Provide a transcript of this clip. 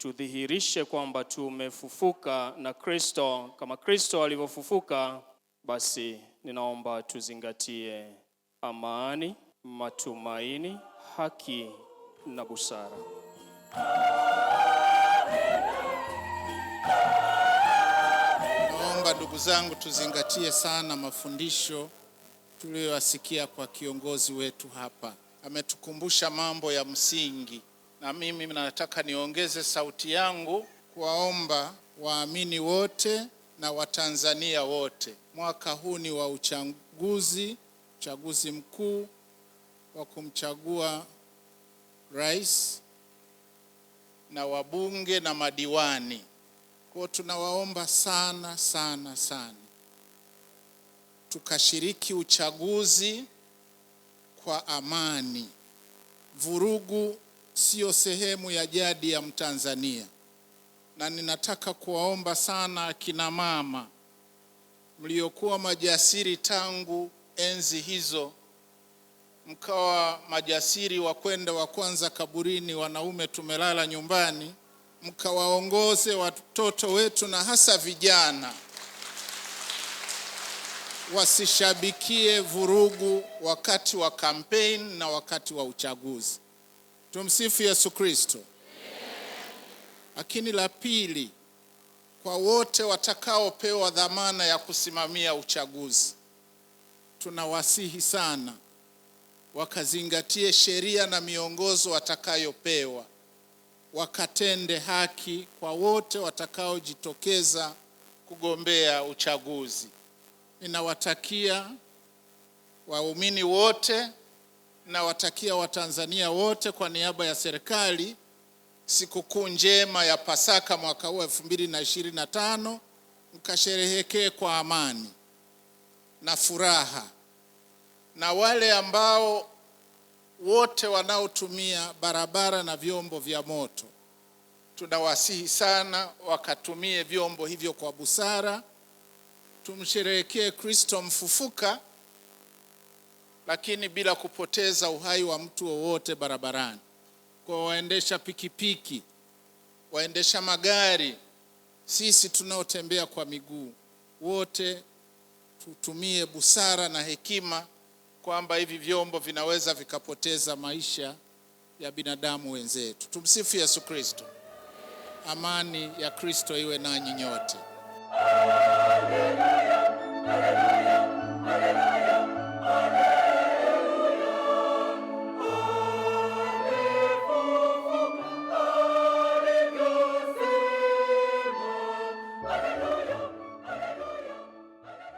tudhihirishe kwamba tumefufuka na Kristo kama Kristo alivyofufuka, basi ninaomba tuzingatie amani, matumaini, haki na busara. Naomba ndugu zangu, tuzingatie sana mafundisho tuliyoyasikia kwa kiongozi wetu hapa. Ametukumbusha mambo ya msingi na mimi nataka niongeze sauti yangu kuwaomba waamini wote na Watanzania wote, mwaka huu ni wa uchaguzi, uchaguzi mkuu wa kumchagua rais na wabunge na madiwani. kwao tunawaomba sana sana sana tukashiriki uchaguzi kwa amani. Vurugu siyo sehemu ya jadi ya Mtanzania, na ninataka kuwaomba sana akina mama mliokuwa majasiri tangu enzi hizo, mkawa majasiri wa kwenda wa kwanza kaburini, wanaume tumelala nyumbani, mkawaongoze watoto wetu na hasa vijana wasishabikie vurugu wakati wa kampeni na wakati wa uchaguzi. Tumsifu Yesu Kristo. Lakini la pili, kwa wote watakaopewa dhamana ya kusimamia uchaguzi, tunawasihi sana wakazingatie sheria na miongozo watakayopewa, wakatende haki kwa wote watakaojitokeza kugombea uchaguzi. Ninawatakia waumini wote nawatakia Watanzania wote kwa niaba ya serikali sikukuu njema ya Pasaka mwaka huu tano mkasherehekee kwa amani na furaha. Na wale ambao wote wanaotumia barabara na vyombo vya moto, tunawasihi sana wakatumie vyombo hivyo kwa busara. Tumsherehekee Kristo mfufuka lakini bila kupoteza uhai wa mtu wowote barabarani. Kwa waendesha pikipiki, waendesha magari, sisi tunaotembea kwa miguu, wote tutumie busara na hekima kwamba hivi vyombo vinaweza vikapoteza maisha ya binadamu wenzetu. Tumsifu Yesu Kristo. Amani ya Kristo iwe nanyi nyote.